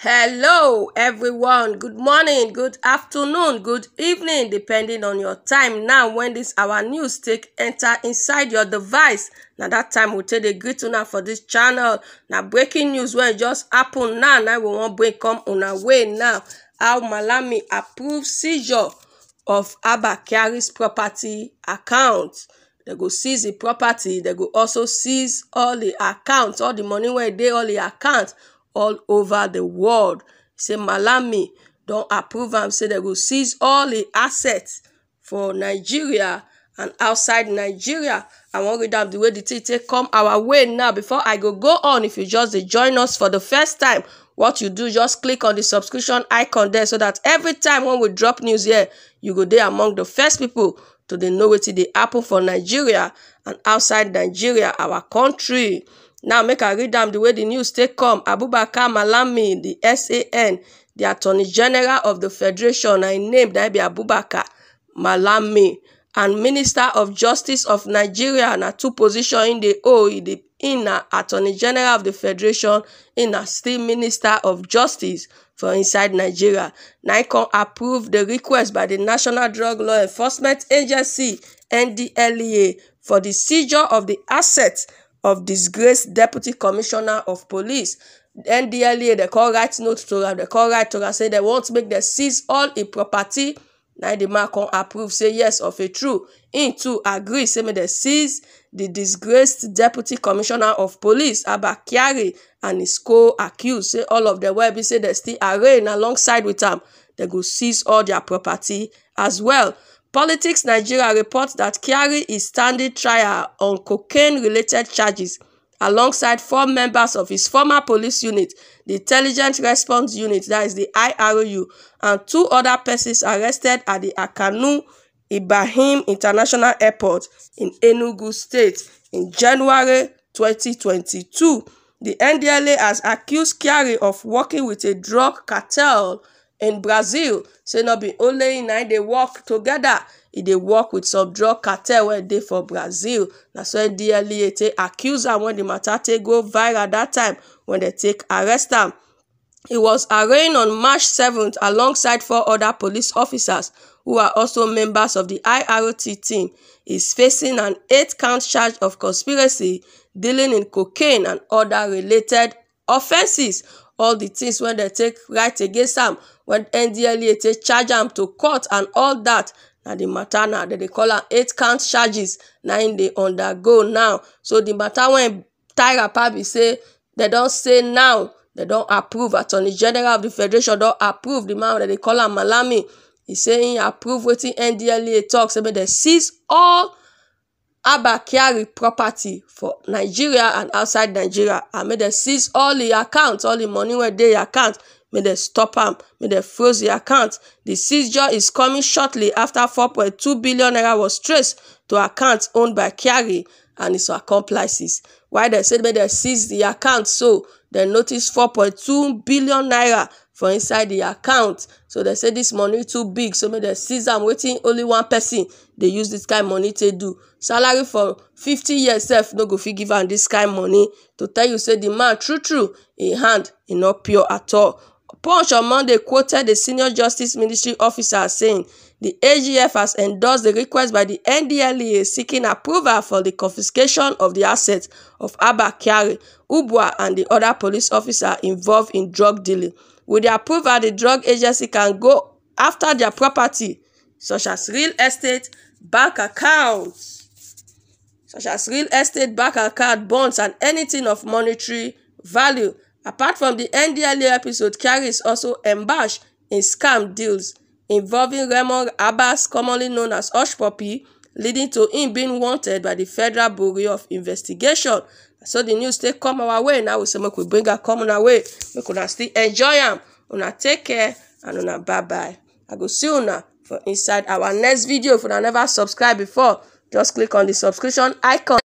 Hello, everyone. Good morning, good afternoon, good evening, depending on your time. Now, when this our news take enter inside your device, Now that time we take dey greet now for this channel. Now breaking news wey just happen now. Now we wan bring come on our way now. How Malami approve seizure of Abba property account. They go seize the property. They go also seize all the accounts, all the money where they all the accounts all over the world say malami don't approve am say they will seize all the assets for nigeria and outside nigeria i wan read am di way the thing take come our way now before i go go on if you just join us for the first time what you do just click on the subscription icon there so that every time when we drop news here you go there among the first people to the know wetin dey happen for nigeria and outside nigeria our country now make i read them the way the news take come abubakar malami the san the attorney general of the federation I named name na be abubakar malami and minister of justice of nigeria and a two position im dey hold im na attorney general of the federation in a still minister of justice for inside nigeria Nikon approved the request by the national drug law enforcement agency ndlea for di seizure of the assets of disgraced deputy commissioner of police ndlea dem call write note to am dem call write to am say dem want make dem seize all im property na the man come approve say yes of a true im too agree say make dem seize the disgraced deputy commissioner of police abba kyari and his co-accused say all of dem wey be say dem still arraign alongside with am dem go seize all their property as well Politics Nigeria reports that Kyari is standing trial on cocaine-related charges alongside four members of his former police unit, the Intelligent Response Unit that is the (IRU), and two other persons arrested at the Akanu Ibrahim International Airport in Enugu State in January 2022. The NDLA has accused Kyari of working with a drug cartel in brazil say not be only na im dey work together. If e they work with some drug cartel when they for brazil e that's when ndlea take accuse am wen di mata take go viral that time when they take arrest am he was arraigned on march 7th alongside four other police officers who are also members of the irot team is facing an eight-count charge of conspiracy dealing in cocaine and other related offences all the things when they take right against am wen ndlea charge am to court and all that, na the matter now they they call am eight count charges now im dey undergo now so di mata wen tyra pabi say they don't say now they don't approve attorney general of the federation don't approve the man wey they call am malami he say he approve wetin ndlea talks, say make dem seize all abba property for nigeria and outside nigeria I mean they seize all the accounts, all the money where they account may dem stop am, may dem froze the account. The seizure is coming shortly after 4.2 billion naira was traced to accounts owned by Kyari and his accomplices. While they said make dem seize the account so, they notice 4.2 billion naira for inside the account. So they say this money too big so make dem seize am waiting only one person They use this kind money to do. Salary for 50 years Self no go fit give am this kind money to tell you say the man true true im hand e no pure at all. Punch on Monday quoted the senior Justice Ministry officer saying the AGF has endorsed the request by the NDLEA seeking approval for the confiscation of the assets of Abba Kyari, Ubwa and the other police officer involved in drug dealing. With the approval, the drug agency can go after their property, such as real estate, bank accounts, such as real estate, bank account, bonds, and anything of monetary value Apart from the NDLEA episode, Kyari is also embashed in scam deals involving Raymond Abbas, commonly known as Hush Puppy, leading to him being wanted by the Federal Bureau of Investigation. So the news take come our way. Now we say make we bring her come away. We could still enjoy am. Una take care and una bye bye. I go see you now for inside our next video. If you never subscribed before, just click on the subscription icon.